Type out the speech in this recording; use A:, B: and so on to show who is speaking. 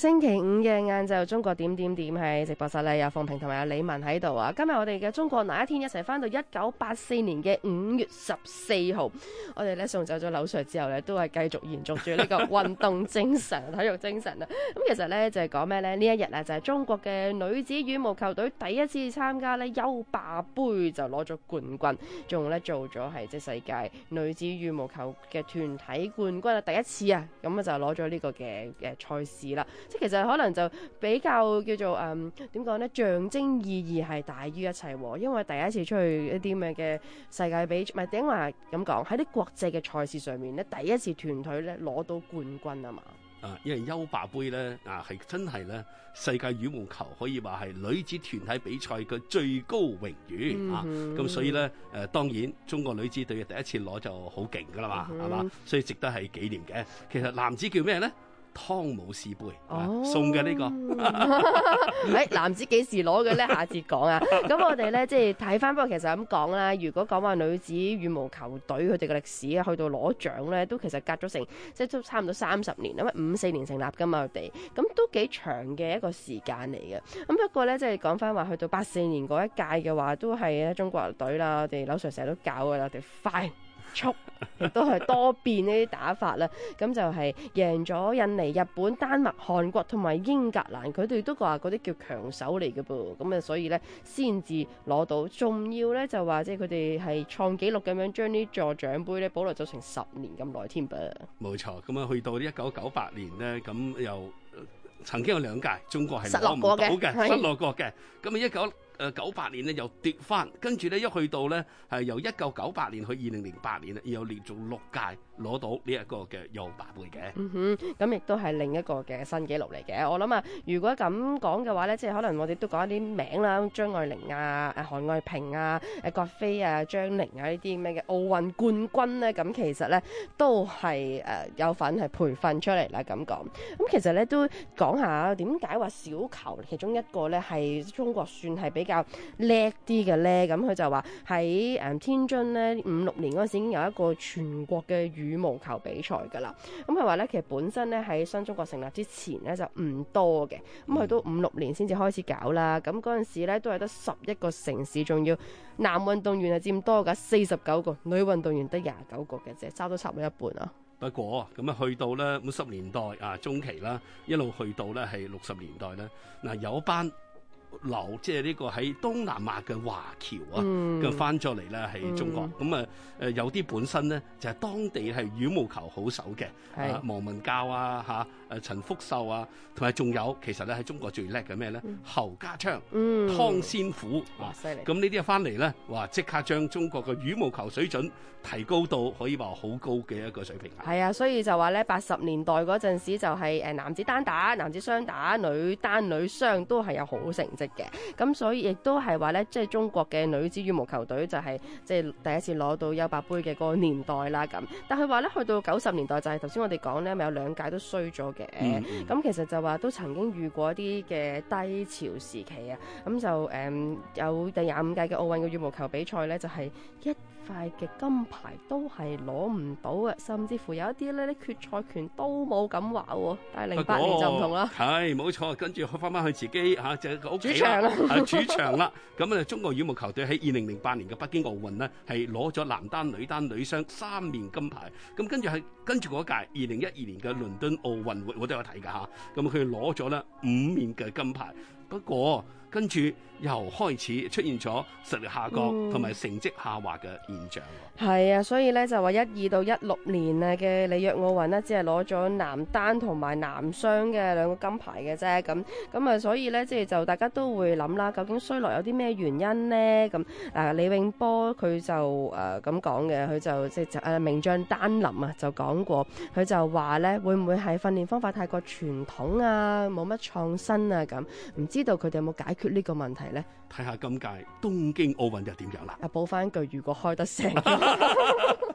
A: 星期五嘅晏晝，中國點點點係直播室咧，有鳳萍同埋阿李文喺度啊！今日我哋嘅中國那一天，一齊翻到一九八四年嘅五月十四號。我哋咧，送走咗柳 Sir 之後咧，都係繼續延續住呢個運動精神、 體育精神啊！咁其實咧就係講咩咧？呢一日啊，就係、是就是、中國嘅女子羽毛球隊第一次參加咧優霸盃就攞咗冠軍，仲咧做咗係即係世界女子羽毛球嘅團體冠軍啊！第一次啊，咁啊就攞咗呢個嘅嘅賽事啦。即係其實可能就比較叫做誒點講咧，象徵意義係大於一切喎。因為第一次出去一啲咩嘅世界比，唔係點話咁講，喺啲國際嘅賽事上面咧，第一次團隊咧攞到冠軍啊嘛。
B: 啊，因為優霸盃咧啊，係真係咧，世界羽毛球可以話係女子團體比賽嘅最高榮譽、嗯、啊。咁所以咧誒、呃，當然中國女子隊嘅第一次攞就好勁㗎喇嘛，係、嗯、嘛，所以值得係紀念嘅。其實男子叫咩咧？湯姆士杯，oh, 送嘅呢、這
A: 個，誒、 哎、男子幾時攞嘅咧？下次講啊。咁 我哋咧即係睇翻，不過其實咁講啦，如果講話女子羽毛球隊佢哋嘅歷史啊，去到攞獎咧，都其實隔咗成即係都差唔多三十年啊，五四年成立㗎嘛，我哋咁都幾長嘅一個時間嚟嘅。咁不過咧，即係講翻話去到八四年嗰一屆嘅話，都係中國隊啦，我哋樓上成日都搞嘅啦，我哋快速 亦都係多變呢啲打法啦，咁就係贏咗印尼、日本、丹麥、韓國同埋英格蘭，佢哋都話嗰啲叫強手嚟嘅噃，咁啊所以咧先至攞到，仲要咧就話即係佢哋係創紀錄咁樣將呢座獎盃咧保留咗成十年咁耐添噃。
B: 冇錯，咁啊去到一九九八年咧，咁又曾經有兩屆中國係失落過嘅，失落過嘅，咁啊一九。呃、九八年又跌翻，跟住咧一去到咧由一九九八年去二零零八年又然後連續六屆攞到呢一個嘅優霸盃嘅。
A: 嗯哼，咁亦都係另一個嘅新紀錄嚟嘅。我諗啊，如果咁講嘅話咧，即係可能我哋都講一啲名啦，張愛玲啊、韓愛平啊、葛菲啊、張寧啊呢啲咩嘅奧運冠軍咧、啊，咁其實咧都係、呃、有份係培訓出嚟啦。咁講，咁其實咧都講下點解話小球其中一個咧係中國算係比比較叻啲嘅咧，咁佢就話喺誒天津咧五六年嗰時已經有一個全國嘅羽毛球比賽噶啦。咁佢話咧，其實本身咧喺新中國成立之前咧就唔多嘅，咁佢都五六年先至開始搞啦。咁嗰陣時咧都係得十一個城市，仲要男運動員係佔多噶，四十九個，女運動員得廿九個嘅啫，差都差唔多一半啊。
B: 不過咁啊去到咧五十年代啊中期啦，一路去到咧係六十年代咧，嗱有一班。劉即係呢個喺東南亞嘅華僑啊，咁翻咗嚟啦喺中國。咁啊誒有啲本身咧就係、是、當地係羽毛球好手嘅，啊王文教啊嚇，誒、啊、陳福壽啊，同埋仲有其實咧喺中國最叻嘅咩咧？侯家昌、湯、嗯、仙虎，哇犀利！咁、啊、呢啲啊翻嚟咧，哇即刻將中國嘅羽毛球水準提高到可以話好高嘅一個水平。
A: 係啊，所以就話咧八十年代嗰陣時就係、是、誒、呃、男子單打、男子雙打、女單、女雙都係有好成。嘅咁，所以亦都係話咧，即、就、係、是、中國嘅女子羽毛球隊就係即係第一次攞到優霸盃嘅嗰個年代啦咁。但係話咧，去到九十年代就係頭先我哋講咧，咪、就是、有兩屆都衰咗嘅。咁、嗯嗯、其實就話都曾經遇過一啲嘅低潮時期啊。咁就誒、嗯、有第廿五屆嘅奧運嘅羽毛球比賽咧，就係一。屆嘅金牌都係攞唔到嘅，甚至乎有一啲咧，啲決賽權都冇咁話喎。但係零八年就唔同啦，
B: 係冇錯。跟住開翻翻去自己嚇，就係個屋企啦，主場啦。咁啊， 中國羽毛球隊喺二零零八年嘅北京奧運呢，係攞咗男單、女單、女雙三面金牌。咁跟住係跟住嗰屆二零一二年嘅倫敦奧運會，我都有睇㗎吓。咁佢攞咗咧五面嘅金牌，不過。跟住又開始出現咗實力下降同埋成績下滑嘅現象。
A: 係、嗯、啊，所以咧就話一二到一六年啊嘅里約奧運呢，只係攞咗男單同埋男雙嘅兩個金牌嘅啫。咁咁啊，所以咧即係就大家都會諗啦，究竟衰落有啲咩原因呢？咁、嗯、誒李永波佢就誒咁講嘅，佢、呃、就即係誒名將丹林啊，就講過佢就話咧，會唔會係訓練方法太過傳統啊，冇乜創新啊？咁唔知道佢哋有冇解決呢個問題咧，
B: 睇下今屆
A: 東京奧運又點樣啦。啊，補翻句，如果開得成。